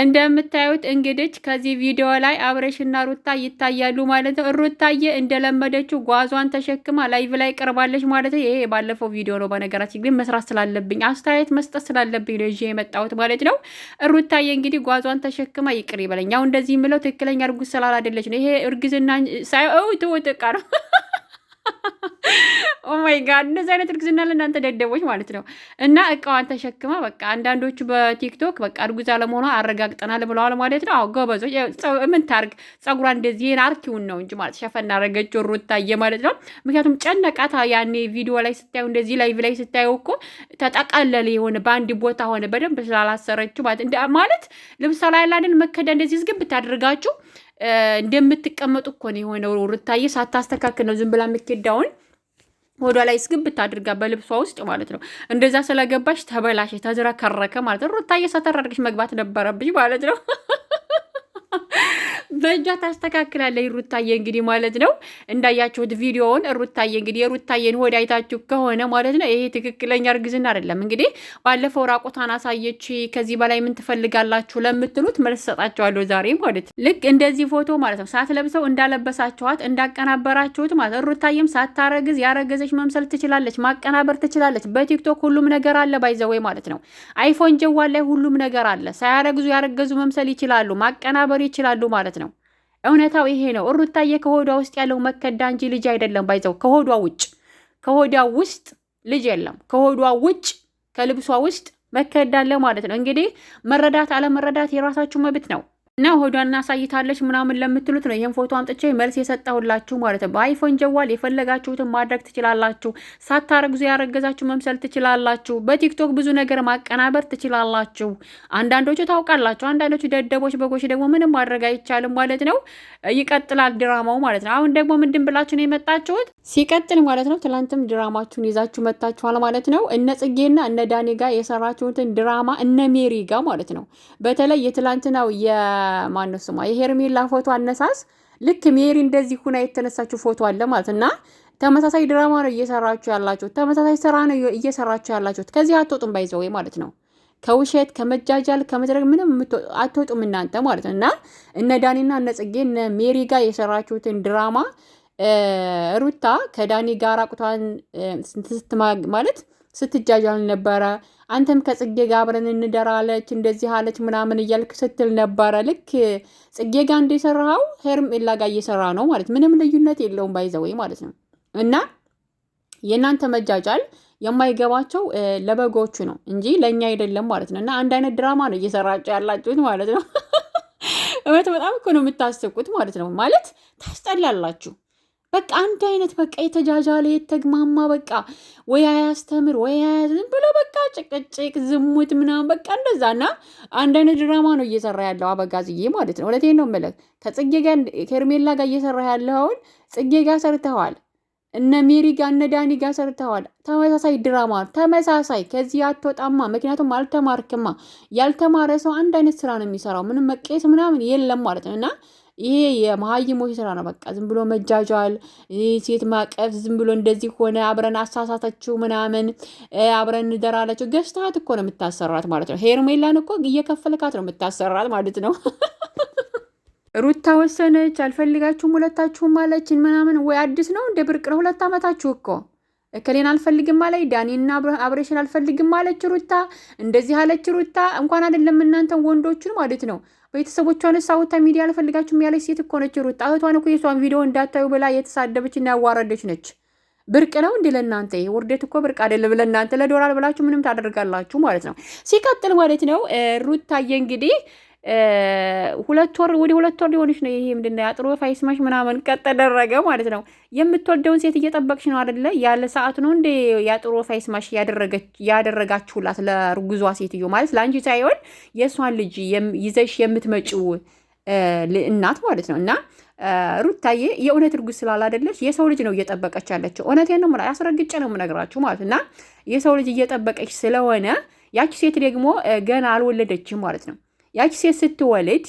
እንደምታዩት እንግዲህ ከዚህ ቪዲዮ ላይ አብረሽና ሩታ ይታያሉ ማለት ነው። ሩታዬ እንደለመደችው ጓዟን ተሸክማ ላይቭ ላይ ቀርባለች ማለት ነው። ይሄ ባለፈው ቪዲዮ ነው። በነገራችን ግን መስራት ስላለብኝ አስተያየት መስጠት ስላለብኝ ነው ይዤ የመጣሁት ማለት ነው። ሩታዬ እንግዲህ ጓዟን ተሸክማ ይቅር ይበለኝ። ያው እንደዚህ የምለው ትክክለኛ እርጉዝ ስላላደለች ነው። ይሄ እርግዝና ሳይ እውት ውጥቃ ነው ኦማይ oh ጋድ እንደዚህ አይነት እርግዝና ለእናንተ ደደቦች ማለት ነው። እና እቃዋን ተሸክማ በቃ አንዳንዶቹ በቲክቶክ በቃ እርጉዝ አለመሆኗ አረጋግጠናል ብለዋል ማለት ነው። አዎ ጎበዞች፣ ምን ታርግ ጸጉሯ እንደዚህ አርኪውን ነው እንጂ ማለት ሸፈና ረገች ታየ ማለት ነው። ምክንያቱም ጨነቃታ ያኔ ቪዲዮ ላይ ስታዩ እንደዚህ ላይቭ ላይ ስታየው እኮ ተጠቃለለ የሆነ በአንድ ቦታ ሆነ በደንብ ስላላሰረችው ማለት ልብሳ ላይ ያላንን መከዳ እንደዚህ ዝግብ ብታደርጋችሁ እንደምትቀመጡ እኮ ነው የሆነ ሩታዬ ሳታስተካክል ነው ዝም ብላ መኬዳውን ወዷ ላይ እስግብት አድርጋ በልብሷ ውስጥ ማለት ነው። እንደዛ ስለገባሽ ተበላሽ፣ ተዝረከረከ ማለት ነው። ሩታዬ ሰተር አድርገሽ መግባት ነበረብሽ ማለት ነው። በእጇ ታስተካክላለች ሩታዬ እንግዲህ ማለት ነው። እንዳያችሁት ቪዲዮውን ሩታዬ እንግዲህ የሩታዬን ሆድ አይታችሁ ከሆነ ማለት ነው ይሄ ትክክለኛ እርግዝና አይደለም። እንግዲህ ባለፈው ራቁቷን አሳየች። ከዚህ በላይ ምን ትፈልጋላችሁ ለምትሉት መልስ ሰጣቸዋለሁ ዛሬ ማለት ነው። ልክ እንደዚህ ፎቶ ማለት ነው ሳትለብሰው እንዳለበሳችኋት እንዳቀናበራችሁት ማለት ነው። ሩታዬም ሳታረግዝ ያረገዘች መምሰል ትችላለች፣ ማቀናበር ትችላለች። በቲክቶክ ሁሉም ነገር አለ ባይዘወይ ማለት ነው። አይፎን ጀዋል ላይ ሁሉም ነገር አለ። ሳያረግዙ ያረገዙ መምሰል ይችላሉ፣ ማቀናበር ይችላሉ ማለት ነው። እውነታው ይሄ ነው። እሩታዬ ከሆዷ ውስጥ ያለው መከዳ እንጂ ልጅ አይደለም። ባይዘው ከሆዷ ውጭ ከሆዷ ውስጥ ልጅ የለም። ከሆዷ ውጭ ከልብሷ ውስጥ መከዳ አለ ማለት ነው። እንግዲህ መረዳት አለመረዳት የራሳችሁ መብት ነው። እና ሆዷን እናሳይታለች ምናምን ለምትሉት ነው ይህን ፎቶ አምጥቼ መልስ የሰጠሁላችሁ ማለት ነው። በአይፎን ጀዋል የፈለጋችሁትን ማድረግ ትችላላችሁ። ሳታረግዙ ያረገዛችሁ መምሰል ትችላላችሁ። በቲክቶክ ብዙ ነገር ማቀናበር ትችላላችሁ። አንዳንዶቹ ታውቃላችሁ፣ አንዳንዶቹ ደደቦች በጎች ደግሞ ምንም ማድረግ አይቻልም ማለት ነው። ይቀጥላል ድራማው ማለት ነው። አሁን ደግሞ ምንድን ብላችሁ ነው የመጣችሁት? ሲቀጥል ማለት ነው። ትላንትም ድራማችሁን ይዛችሁ መታችኋል ማለት ነው። እነ ጽጌና እነ ዳኔ ጋር የሰራችሁትን ድራማ እነ ሜሪ ጋር ማለት ነው። በተለይ የትላንትናው የማነው ስሟ የሄርሜላ ፎቶ አነሳስ ልክ ሜሪ እንደዚህ ሁና የተነሳችው ፎቶ አለ ማለት እና ተመሳሳይ ድራማ ነው እየሰራችሁ ያላችሁት። ተመሳሳይ ስራ ነው እየሰራችሁ ያላችሁት። ከዚህ አትወጡም፣ ባይዘወይ ማለት ነው። ከውሸት ከመጃጃል ከመድረግ ምንም አትወጡም እናንተ ማለት ነው። እና እነ ዳኒና እነ ጽጌ እነ ሜሪ ጋር የሰራችሁትን ድራማ ሩታ ከዳኒ ጋር አቁቷን ስትማግ ማለት ስትጃጃል ነበረ አንተም ከጽጌ ጋር አብረን እንደራለች እንደዚህ አለች ምናምን እያልክ ስትል ነበረ። ልክ ጽጌ ጋር እንደሰራኸው ሄርሜላ ጋር እየሰራ ነው ማለት ምንም ልዩነት የለውም። ባይዘወይ ማለት ነው እና የእናንተ መጃጃል የማይገባቸው ለበጎቹ ነው እንጂ ለእኛ አይደለም ማለት ነው። እና አንድ አይነት ድራማ ነው እየሰራቸው ያላችሁት ማለት ነው። እውነት በጣም እኮ ነው የምታስቁት ማለት ነው። ማለት ታስጠላላችሁ። በቃ አንድ አይነት በቃ የተጃጃለ የተግማማ በቃ ወይ አያስተምር ወይ አያዝም ብሎ በቃ ጭቅጭቅ፣ ዝሙት ምናምን በቃ እንደዛና አንድ አይነት ድራማ ነው እየሰራ ያለው አበጋዝዬ ማለት ነው። እውነቴን ነው የምልህ ከጽጌ ጋር ጋር እየሰራ ያለውን ጽጌ ጋር ሰርተዋል። እነ ሜሪ ጋር እነ ዳኒ ጋር ሰርተዋል። ተመሳሳይ ድራማ ተመሳሳይ። ከዚህ አትወጣማ፣ ምክንያቱም አልተማርክማ። ያልተማረ ሰው አንድ አይነት ስራ ነው የሚሰራው። ምንም መቀየስ ምናምን የለም ማለት ነው እና ይሄ የመሀይሞች ስራ ነው። በቃ ዝም ብሎ መጃጃል፣ ሴት ማቀፍ፣ ዝም ብሎ እንደዚህ ሆነ፣ አብረን አሳሳተችው ምናምን፣ አብረን እንደራለችው። ገዝተሃት እኮ ነው የምታሰራት ማለት ነው። ሄርሜላን እኮ እየከፈልካት ነው የምታሰራት ማለት ነው። ሩታ ወሰነች። አልፈልጋችሁም ሁለታችሁም አለችን ምናምን። ወይ አዲስ ነው እንደ ብርቅ ነው። ሁለት ዓመታችሁ እኮ እከሌን አልፈልግም አለች ዳኒና አብሬሽን አልፈልግም አለች ሩታ። እንደዚህ አለች ሩታ። እንኳን አይደለም እናንተን ወንዶችን ማለት ነው ቤተሰቦቿን ሳውታ ሚዲያ አልፈልጋችሁም ያለች ሴት እኮ ነች። ሩታ እህቷን እኮ የሷን ቪዲዮ እንዳታዩ ብላ የተሳደበች እና ያዋረደች ነች። ብርቅ ነው እንዲ ለእናንተ? ውርደት እኮ ብርቅ አይደለም ለእናንተ። ለዶላር ብላችሁ ምንም ታደርጋላችሁ ማለት ነው። ሲቀጥል ማለት ነው ሩታዬ እንግዲህ ሁለት ወር ወደ ሁለት ወር ሊሆንሽ ነው። ይሄ ምንድነው? ነው ያጥሮ ፋይስማሽ ምናምን ቀጥ ተደረገ ማለት ነው። የምትወልደውን ሴት እየጠበቅሽ ነው አይደለ? ያለ ሰዓት ነው እንደ ያጥሮ ፋይስማሽ ያደረጋችሁላት ለርጉዟ ሴትዮ ማለት ለአንቺ ሳይሆን የእሷን ልጅ ይዘሽ የምትመጪው እናት ማለት ነው። እና ሩታዬ የእውነት እርጉዝ ስላላደለች የሰው ልጅ ነው እየጠበቀች ያለችው። እውነቴን ነው የምልህ፣ አስረግጬ ነው የምነግራችሁ ማለት እና የሰው ልጅ እየጠበቀች ስለሆነ ያቺ ሴት ደግሞ ገና አልወለደችም ማለት ነው። ያቺ ሴት ስትወልድ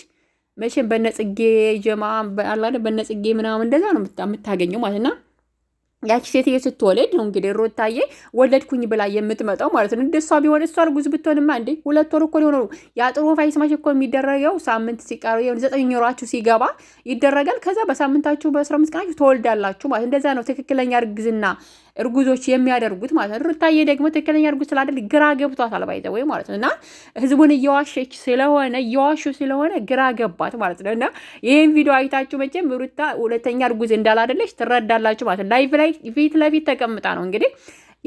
መቼም በነጽጌ ጀማ አላለ በነጽጌ ምናምን እንደዛ ነው የምታገኘው ማለት ና ያቺ ሴትዬ ስትወልድ ነው እንግዲህ ሩታዬ ወለድኩኝ ብላ የምትመጣው ማለት ነው። እንደሷ ቢሆን እሷ እርጉዝ ብትሆንማ እንዴ ሁለት ወር እኮ ሊሆነ ነው። የአጥር ወፍ አይስማሽ እኮ የሚደረገው ሳምንት ሲቀሩ ዘጠኝ ወራችሁ ሲገባ ይደረጋል። ከዛ በሳምንታችሁ በአስራ አምስት ቀናችሁ ተወልዳላችሁ ማለት እንደዛ ነው ትክክለኛ እርግዝና እርጉዞች የሚያደርጉት ማለት ነው። ሩታዬ ደግሞ ትክክለኛ እርጉዝ ስላደል ግራ ገብቷታል ባይዘ ወይ ማለት ነው እና ህዝቡን እየዋሸች ስለሆነ እየዋሹ ስለሆነ ግራ ገባት ማለት ነው እና ይህን ቪዲዮ አይታችሁ መቼም ሩታ ሁለተኛ እርጉዝ እንዳላደለች ትረዳላችሁ ማለት ነው። ላይቭ ላይ ፊት ለፊት ተቀምጣ ነው እንግዲህ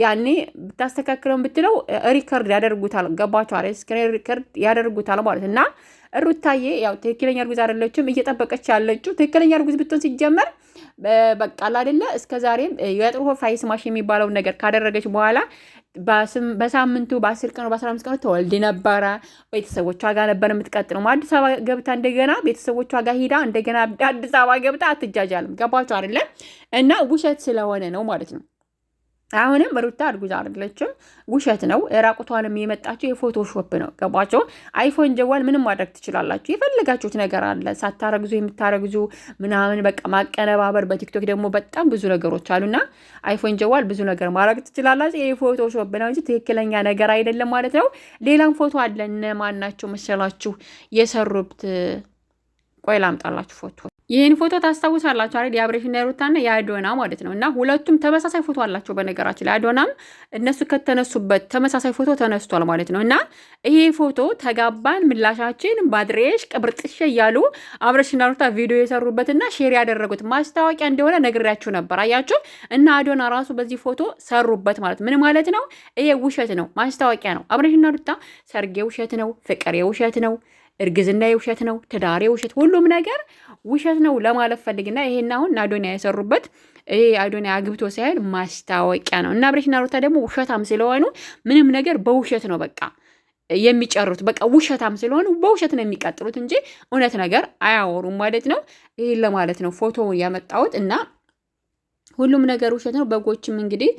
ያኔ ብታስተካክለውን ብትለው ሪከርድ ያደርጉታል። ገባቸው አለ ስክሪን ሪከርድ ያደርጉታል ማለት እና ሩታዬ ያው ትክክለኛ እርጉዝ አይደለችም። እየጠበቀች ያለችው ትክክለኛ እርጉዝ ብትሆን ሲጀመር በቃል አይደለ እስከ ዛሬም የጥሩ ፋይስ ማሽ የሚባለውን ነገር ካደረገች በኋላ በሳምንቱ በአስር ቀኑ በአስራ አምስት ቀኑ ተወልድ ነበረ። ቤተሰቦቿ ጋር ነበር የምትቀጥለው። አዲስ አበባ ገብታ እንደገና ቤተሰቦቿ ጋር ሂዳ እንደገና አዲስ አበባ ገብታ አትጃጃልም። ገባቸው አይደለ እና ውሸት ስለሆነ ነው ማለት ነው። አሁንም ሩታ እርጉዝ አይደለችም፣ ውሸት ነው። ራቁቷንም የመጣችው የፎቶሾፕ ነው። ገባቸው። አይፎን ጀዋል ምንም ማድረግ ትችላላችሁ። የፈለጋችሁት ነገር አለ። ሳታረግዙ የምታረግዙ ምናምን በቃ ማቀነባበር። በቲክቶክ ደግሞ በጣም ብዙ ነገሮች አሉና አይፎን ጀዋል ብዙ ነገር ማድረግ ትችላላችሁ። የፎቶሾፕ ነው እንጂ ትክክለኛ ነገር አይደለም ማለት ነው። ሌላም ፎቶ አለ። እነ ናቸው መሰላችሁ የሰሩት ቆይ ላምጣላችሁ ፎቶ። ይህን ፎቶ ታስታውሳላችሁ አይደል? የአብሬሽና የሩታና የአዶና ማለት ነው። እና ሁለቱም ተመሳሳይ ፎቶ አላቸው። በነገራችን ላይ አዶናም እነሱ ከተነሱበት ተመሳሳይ ፎቶ ተነስቷል ማለት ነው። እና ይሄ ፎቶ ተጋባን፣ ምላሻችን ባድሬሽ ቅብርጥሽ እያሉ አብሬሽና ሩታ ቪዲዮ የሰሩበትና ሼር ያደረጉት ማስታወቂያ እንደሆነ ነግሬያችሁ ነበር። አያችሁ። እና አዶና ራሱ በዚህ ፎቶ ሰሩበት ማለት ምን ማለት ነው? ይሄ ውሸት ነው፣ ማስታወቂያ ነው። አብሬሽና ሩታ ሰርጌ ውሸት ነው፣ ፍቅር ውሸት ነው እርግዝና የውሸት ነው፣ ትዳር የውሸት ሁሉም ነገር ውሸት ነው ለማለት ፈልግና ይሄን አሁን አዶኒያ የሰሩበት ይሄ አዶኒያ አግብቶ ሳይሆን ማስታወቂያ ነው። እና አብርሽና ሩታ ደግሞ ውሸታም ስለሆኑ ምንም ነገር በውሸት ነው በቃ የሚጨሩት በቃ ውሸታም ስለሆኑ በውሸት ነው የሚቀጥሉት እንጂ እውነት ነገር አያወሩም ማለት ነው። ይህን ለማለት ነው ፎቶውን ያመጣሁት እና ሁሉም ነገር ውሸት ነው። በጎችም እንግዲህ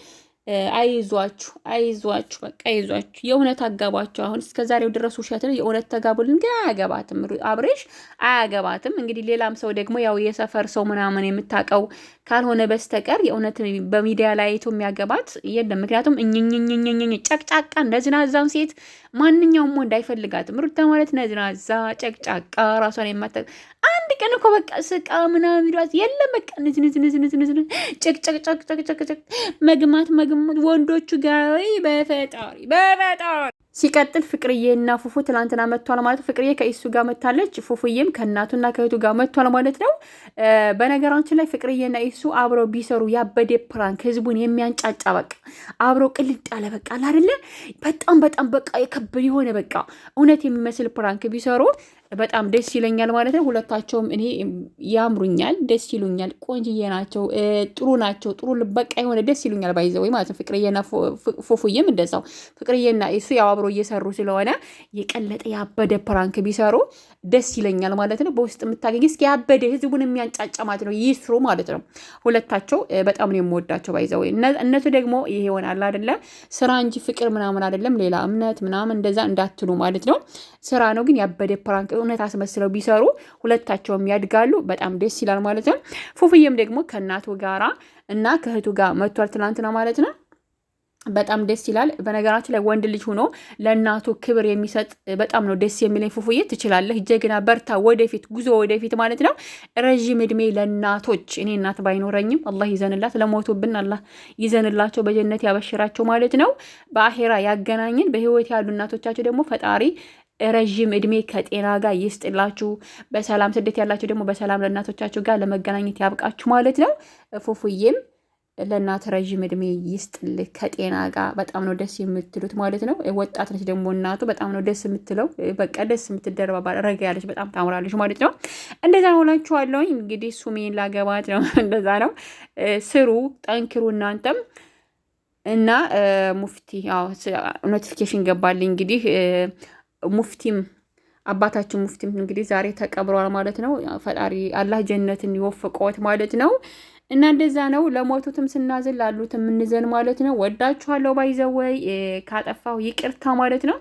አይዟችሁ አይዟችሁ በቃ አይዟችሁ፣ የእውነት አጋቧችሁ። አሁን እስከ ዛሬው ድረስ ውሸት ነው። የእውነት ተጋቡልን፣ ግን አያገባትም፣ አብሬሽ አያገባትም። እንግዲህ ሌላም ሰው ደግሞ ያው የሰፈር ሰው ምናምን የምታውቀው ካልሆነ በስተቀር የእውነት በሚዲያ ላይ አይቶ የሚያገባት የለም። ምክንያቱም እኝኝኝኝኝ ጨቅጫቃ ነዝናዛን ሴት ማንኛውም ወንድ አይፈልጋትም። ሩታ ማለት ነዝናዛ ጨቅጫቃ ራሷን የማታ ቀን እኮ በቃ ስቃ ምናምን ይሏት የለም በቃ ንዝንዝንዝንዝንዝ ጭቅጭቅጭቅጭቅጭቅጭቅ መግማት መግሙት ወንዶቹ ጋር በፈጣሪ በፈጣሪ ሲቀጥል ፍቅርዬ እና ፉፉ ትላንትና መጥቷል ማለት ነው። ፍቅርዬ ከኢሱ ጋር መታለች፣ ፉፉዬም ከእናቱና ከእህቱ ጋር መጥቷል ማለት ነው። በነገራችን ላይ ፍቅርዬና ኢሱ አብረው ቢሰሩ ያበደ ፕራንክ ህዝቡን የሚያንጫጫ በቃ አብረው ቅልጥ ያለ በቃ አይደለ በጣም በጣም በቃ የከበደ የሆነ በቃ እውነት የሚመስል ፕራንክ ቢሰሩ በጣም ደስ ይለኛል ማለት ነው። ሁለታቸውም እኔ ያምሩኛል፣ ደስ ይሉኛል፣ ቆንጅዬ ናቸው፣ ጥሩ ናቸው፣ ጥሩ በቃ የሆነ ደስ ይሉኛል ባይዘ ወይ ማለት ነው። ፍቅርዬና ፉፉዬም እንደዛው ፍቅርዬና እሱ ያው አብሮ እየሰሩ ስለሆነ የቀለጠ ያበደ ፕራንክ ቢሰሩ ደስ ይለኛል ማለት ነው። በውስጥ የምታገኝ እስኪ ያበደ ህዝቡን የሚያንጫጫ ማለት ነው ይስሩ ማለት ነው። ሁለታቸው በጣም ነው የምወዳቸው ባይዘ ወይ። እነሱ ደግሞ ይሄ ይሆናል አይደለም ስራ እንጂ ፍቅር ምናምን አይደለም ሌላ እምነት ምናምን እንደዛ እንዳትሉ ማለት ነው። ስራ ነው ግን ያበደ ፕራንክ እውነት አስመስለው ቢሰሩ ሁለታቸውም ያድጋሉ። በጣም ደስ ይላል ማለት ነው። ፉፍዬም ደግሞ ከእናቱ ጋራ እና ከእህቱ ጋር መጥቷል ትናንትና ማለት ነው። በጣም ደስ ይላል። በነገራችን ላይ ወንድ ልጅ ሆኖ ለእናቱ ክብር የሚሰጥ በጣም ነው ደስ የሚለኝ። ፉፉዬ ትችላለህ፣ ጀግና፣ በርታ፣ ወደፊት ጉዞ፣ ወደፊት ማለት ነው። ረዥም እድሜ ለእናቶች። እኔ እናት ባይኖረኝም አላህ ይዘንላት፣ ለሞቱብን አላህ ይዘንላቸው፣ በጀነት ያበሽራቸው ማለት ነው። በአሄራ ያገናኝን። በህይወት ያሉ እናቶቻቸው ደግሞ ፈጣሪ ረዥም እድሜ ከጤና ጋር ይስጥላችሁ። በሰላም ስደት ያላችሁ ደግሞ በሰላም ለእናቶቻችሁ ጋር ለመገናኘት ያብቃችሁ ማለት ነው። ፉፉዬም ለእናት ረዥም እድሜ ይስጥልህ ከጤና ጋር። በጣም ነው ደስ የምትሉት ማለት ነው። ወጣት ነች ደግሞ እናቱ በጣም ነው ደስ የምትለው። በቃ ደስ የምትደረባ ረጋ ያለች በጣም ታምራለች ማለት ነው። እንደዛ ነው እላችኋለሁኝ። እንግዲህ ሱሜን ላገባት ነው። እንደዛ ነው። ስሩ፣ ጠንክሩ እናንተም እና ሙፍቲ ኖቲፊኬሽን ገባልኝ እንግዲህ ሙፍቲም አባታችን ሙፍቲም እንግዲህ ዛሬ ተቀብሯል ማለት ነው። ፈጣሪ አላህ ጀነትን ይወፍቀዎት ማለት ነው። እና እንደዛ ነው። ለሞቱትም ስናዝን ላሉትም እንዘን ማለት ነው። ወዳችኋለሁ። ባይዘወይ ካጠፋሁ ይቅርታ ማለት ነው።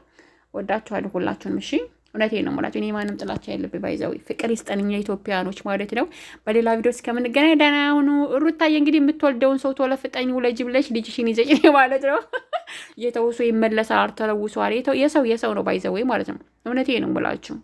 ወዳችኋለሁ ሁላችሁንም። እሺ እውነቴ ነው ሙላችሁ። እኔ ማንም ጥላቻ ያለብኝ ባይዘወይ ፍቅር ይስጠንኛ ኢትዮጵያኖች ማለት ነው። በሌላ ቪዲዮ እስከምንገናኝ ደህና ሁኑ። ሩታዬ እንግዲህ የምትወልደውን ሰው ቶሎ ፍጠኝ፣ ውለጅ ብለሽ ልጅሽን ይዘጭ ማለት ነው። የተውሶ ይመለሳል ተለውሶ የሰው የሰው ነው ባይዘወይ ማለት ነው። እውነቴ ነው ብላችሁ